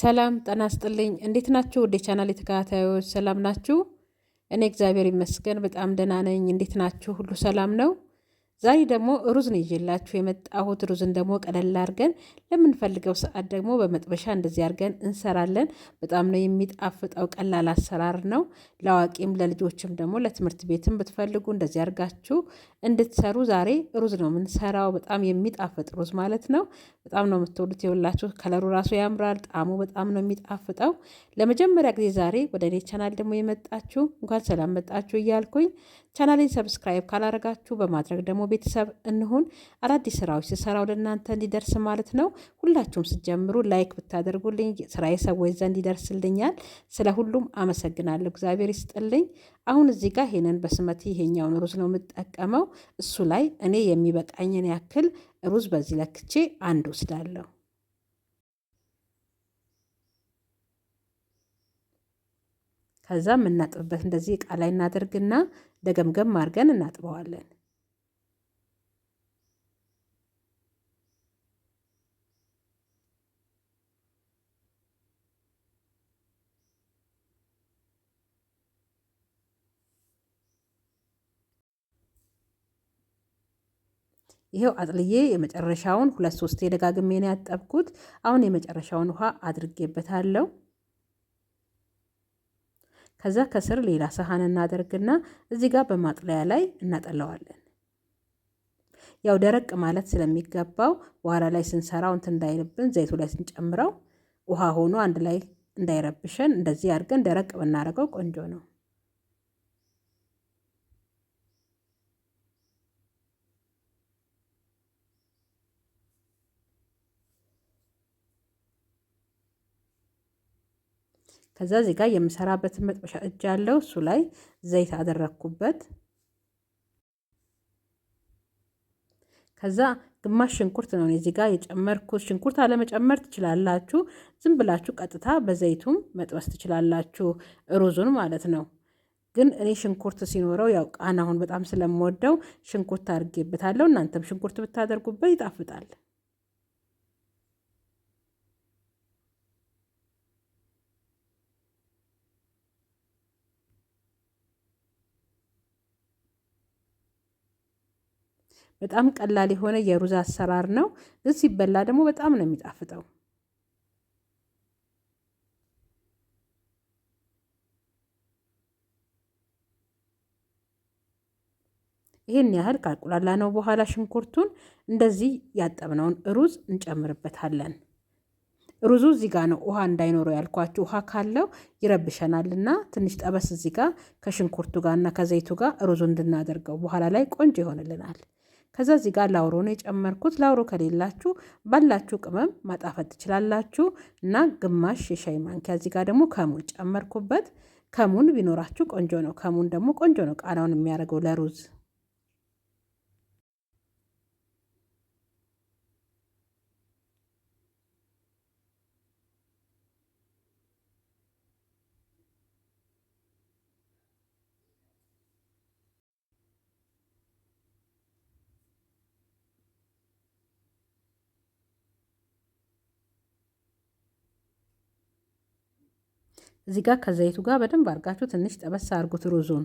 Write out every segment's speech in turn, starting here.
ሰላም ጠና ስጥልኝ እንዴት ናችሁ? ወደ ቻናል የተከታታዮች ሰላም ናችሁ? እኔ እግዚአብሔር ይመስገን በጣም ደህና ነኝ። እንዴት ናችሁ? ሁሉ ሰላም ነው? ዛሬ ደግሞ ሩዝ ነው ይዤላችሁ የመጣሁት። ሩዝን ደግሞ ቀለል አድርገን ለምንፈልገው ሰዓት ደግሞ በመጥበሻ እንደዚህ አድርገን እንሰራለን። በጣም ነው የሚጣፍጠው። ቀላል አሰራር ነው። ለአዋቂም ለልጆችም ደግሞ ለትምህርት ቤትም ብትፈልጉ እንደዚህ አድርጋችሁ እንድትሰሩ ዛሬ ሩዝ ነው የምንሰራው። በጣም የሚጣፍጥ ሩዝ ማለት ነው። በጣም ነው የምትወዱት። የወላችሁ ከለሩ ራሱ ያምራል። ጣዕሙ በጣም ነው የሚጣፍጠው። ለመጀመሪያ ጊዜ ዛሬ ወደ እኔ ቻናል ደግሞ የመጣችሁ እንኳን ሰላም መጣችሁ እያልኩኝ ቻናሌን ሰብስክራይብ ካላረጋችሁ በማድረግ ደግሞ ቤተሰብ እንሁን። አዳዲስ ስራዎች ስሰራ ወደ እናንተ እንዲደርስ ማለት ነው። ሁላችሁም ስጀምሩ ላይክ ብታደርጉልኝ ስራ ሰዎች ዘንድ ይደርስልኛል። ስለ ሁሉም አመሰግናለሁ። እግዚአብሔር ይስጥልኝ። አሁን እዚህ ጋር ይሄንን በስመት ይሄኛውን ሩዝ ነው የምጠቀመው። እሱ ላይ እኔ የሚበቃኝን ያክል ሩዝ በዚህ ለክቼ አንድ ወስዳለሁ። ከዛ የምናጥብበት እንደዚህ እቃ ላይ እናደርግና ደገምገም አድርገን እናጥበዋለን። ይሄው አጥልዬ የመጨረሻውን ሁለት ሶስቴ ደጋግሜ ነው ያጠብኩት። አሁን የመጨረሻውን ውሃ አድርጌበታለሁ። ከዛ ከስር ሌላ ሰሃን እናደርግና እዚህ ጋር በማጥለያ ላይ እናጠለዋለን። ያው ደረቅ ማለት ስለሚገባው በኋላ ላይ ስንሰራው እንትን እንዳይልብን ዘይቱ ላይ ስንጨምረው ውሃ ሆኖ አንድ ላይ እንዳይረብሸን እንደዚህ አድርገን ደረቅ ብናደርገው ቆንጆ ነው። ከዛ እዚህ ጋር የምሰራበትን መጥበሻ እጅ ያለው እሱ ላይ ዘይት አደረግኩበት። ከዛ ግማሽ ሽንኩርት ነው እዚህ ጋር የጨመርኩት። ሽንኩርት አለመጨመር ትችላላችሁ። ዝም ብላችሁ ቀጥታ በዘይቱም መጥበስ ትችላላችሁ፣ ሩዙን ማለት ነው። ግን እኔ ሽንኩርት ሲኖረው ያው ቃናውን በጣም ስለምወደው ሽንኩርት አድርጌበታለሁ። እናንተም ሽንኩርት ብታደርጉበት ይጣፍጣል። በጣም ቀላል የሆነ የሩዝ አሰራር ነው። እዚህ ሲበላ ደግሞ በጣም ነው የሚጣፍጠው። ይህን ያህል ካቁላላ ነው በኋላ ሽንኩርቱን እንደዚህ ያጠብነውን ሩዝ እንጨምርበታለን። ሩዙ እዚህ ጋር ነው ውሃ እንዳይኖረው ያልኳችሁ። ውሃ ካለው ይረብሸናልና ትንሽ ጠበስ እዚህ ጋር ከሽንኩርቱ ጋርና ከዘይቱ ጋር ሩዙ እንድናደርገው በኋላ ላይ ቆንጆ ይሆንልናል። ከዛ እዚህ ጋር ላውሮ ነው የጨመርኩት። ላውሮ ከሌላችሁ ባላችሁ ቅመም ማጣፈጥ ትችላላችሁ እና ግማሽ የሻይ ማንኪያ እዚህ ጋር ደግሞ ከሙን ጨመርኩበት። ከሙን ቢኖራችሁ ቆንጆ ነው። ከሙን ደግሞ ቆንጆ ነው ቃናውን የሚያደርገው ለሩዝ እዚህ ጋር ከዘይቱ ጋር በደንብ አድርጋችሁ ትንሽ ጠበስ አድርጉት ሩዙን።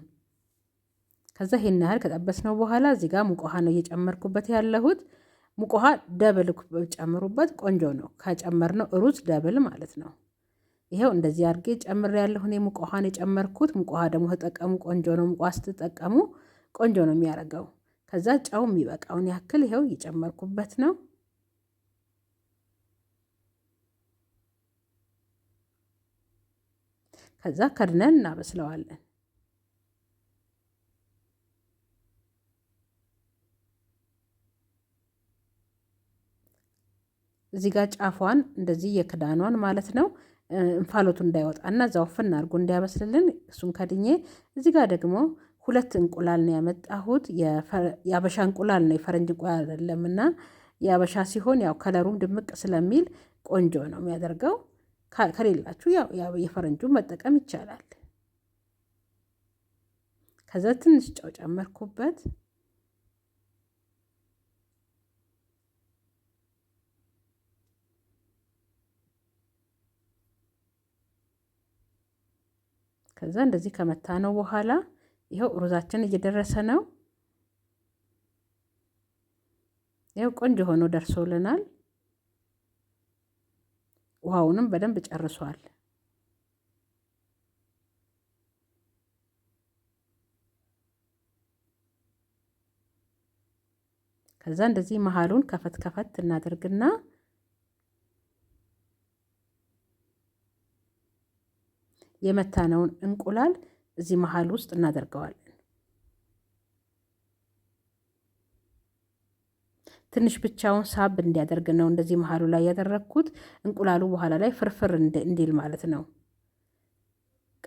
ከዛ ይሄን ያህል ከጠበስነው በኋላ እዚህ ጋር ነው እየጨመርኩበት ያለሁት። ሙቆሃ ደብል ጨምሩበት፣ ቆንጆ ነው። ከጨመርነው ሩዝ ደብል ማለት ነው። ይሄው እንደዚህ አድርጌ ጨምር ያለሁ እኔ ሙቅ የጨመርኩት። ሙቆሃ ደግሞ ተጠቀሙ፣ ቆንጆ ነው። ሙቆሃ ስትጠቀሙ ቆንጆ ነው የሚያደርገው። ከዛ ጨው የሚበቃውን ያክል ይኸው እየጨመርኩበት ነው። ከዛ ከድነን እናበስለዋለን። እዚህ ጋር ጫፏን እንደዚህ የክዳኗን ማለት ነው እንፋሎቱ እንዳይወጣና እዛ ወፍን አድርጎ እንዲያበስልልን እሱን ከድኜ እዚህ ጋር ደግሞ ሁለት እንቁላል ነው ያመጣሁት። የአበሻ እንቁላል ነው የፈረንጅ እንቁላል አይደለምና የአበሻ ሲሆን ያው ከለሩም ድምቅ ስለሚል ቆንጆ ነው የሚያደርገው። ከሌላችሁ ያው የፈረንጁን መጠቀም ይቻላል። ከዛ ትንሽ ጨው ጨመርኩበት። ከዛ እንደዚህ ከመታ ነው በኋላ ይኸው ሩዛችን እየደረሰ ነው። ይኸው ቆንጆ ሆኖ ደርሶልናል። ውሃውንም በደንብ ጨርሷል። ከዛ እንደዚህ መሀሉን ከፈት ከፈት እናደርግና የመታነውን እንቁላል እዚህ መሀል ውስጥ እናደርገዋለን። ትንሽ ብቻውን ሳብ እንዲያደርግ ነው እንደዚህ መሀሉ ላይ ያደረግኩት። እንቁላሉ በኋላ ላይ ፍርፍር እንዲል ማለት ነው።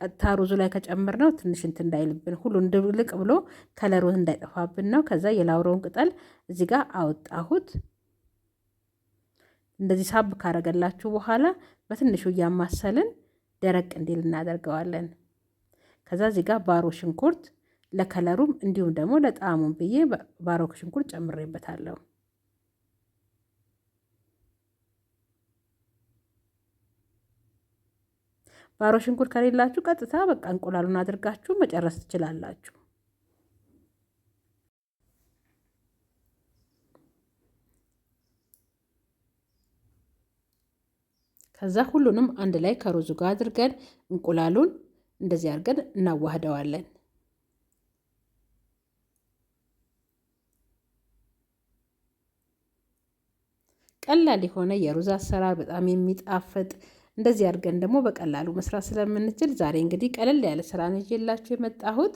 ቀጥታ ሩዙ ላይ ከጨምር ነው ትንሽ እንትን እንዳይልብን ሁሉ እንድልቅ ብሎ ከለሩ እንዳይጠፋብን ነው። ከዛ የላውረውን ቅጠል እዚ ጋር አወጣሁት። እንደዚህ ሳብ ካረገላችሁ በኋላ በትንሹ እያማሰልን ደረቅ እንዲል እናደርገዋለን። ከዛ እዚ ጋር ባሮ ሽንኩርት ለከለሩም እንዲሁም ደግሞ ለጣዕሙም ብዬ ባሮ ሽንኩርት ጨምሬበታለሁ። ባሮ ሽንኩርት ከሌላችሁ ቀጥታ በቃ እንቁላሉን አድርጋችሁ መጨረስ ትችላላችሁ። ከዛ ሁሉንም አንድ ላይ ከሩዙ ጋር አድርገን እንቁላሉን እንደዚህ አድርገን እናዋህደዋለን። ቀላል የሆነ የሩዝ አሰራር በጣም የሚጣፍጥ እንደዚህ አድርገን ደግሞ በቀላሉ መስራት ስለምንችል ዛሬ እንግዲህ ቀለል ያለ ስራ ነው ይዤላችሁ የመጣሁት።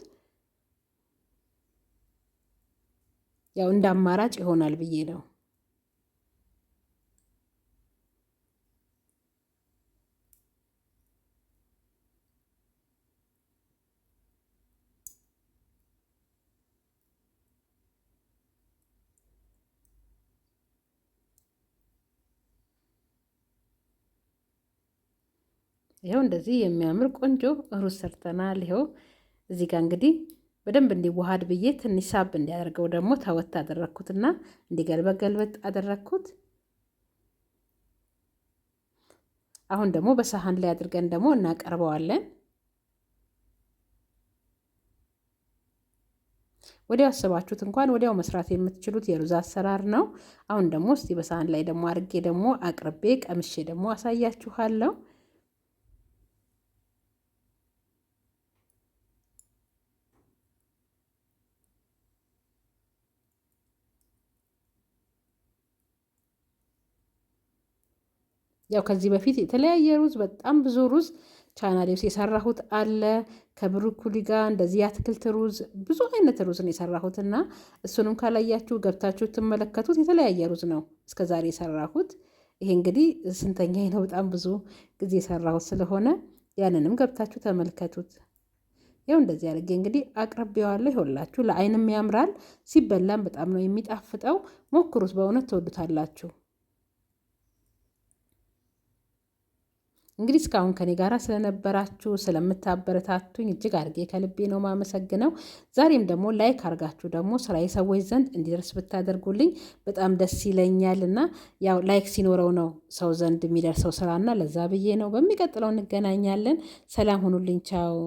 ያው እንደ አማራጭ ይሆናል ብዬ ነው። ይኸው እንደዚህ የሚያምር ቆንጆ ሩዝ ሰርተናል። ይኸው እዚህ ጋር እንግዲህ በደንብ እንዲዋሃድ ብዬ ትንሽ ሳብ እንዲያደርገው ደግሞ ተወት አደረግኩትና እንዲገልበት ገልበጥ አደረግኩት። አሁን ደግሞ በሳህን ላይ አድርገን ደግሞ እናቀርበዋለን። ወዲያው አስባችሁት እንኳን ወዲያው መስራት የምትችሉት የሩዝ አሰራር ነው። አሁን ደግሞ እስቲ በሳህን ላይ ደግሞ አድርጌ ደግሞ አቅርቤ ቀምሼ ደግሞ አሳያችኋለሁ። ያው ከዚህ በፊት የተለያየ ሩዝ በጣም ብዙ ሩዝ ቻናሌ ውስጥ የሰራሁት አለ ከብሮኮሊ ጋር እንደዚህ የአትክልት ሩዝ ብዙ አይነት ሩዝ ነው የሰራሁት እና እሱንም ካላያችሁ ገብታችሁ ትመለከቱት የተለያየ ሩዝ ነው እስከዛሬ የሰራሁት ይሄ እንግዲህ ስንተኛ ነው በጣም ብዙ ጊዜ የሰራሁት ስለሆነ ያንንም ገብታችሁ ተመልከቱት ያው እንደዚህ አድርጌ እንግዲህ አቅርቤዋለሁ ይሆላችሁ ለአይንም ያምራል ሲበላም በጣም ነው የሚጣፍጠው ሞክሩት በእውነት ትወዱታላችሁ እንግዲህ እስካሁን ከኔ ጋር ስለነበራችሁ ስለምታበረታቱኝ እጅግ አድርጌ ከልቤ ነው ማመሰግነው። ዛሬም ደግሞ ላይክ አድርጋችሁ ደግሞ ስራ የሰዎች ዘንድ እንዲደርስ ብታደርጉልኝ በጣም ደስ ይለኛል እና ያው ላይክ ሲኖረው ነው ሰው ዘንድ የሚደርሰው ስራና ለዛ ብዬ ነው። በሚቀጥለው እንገናኛለን። ሰላም ሁኑልኝ። ቻው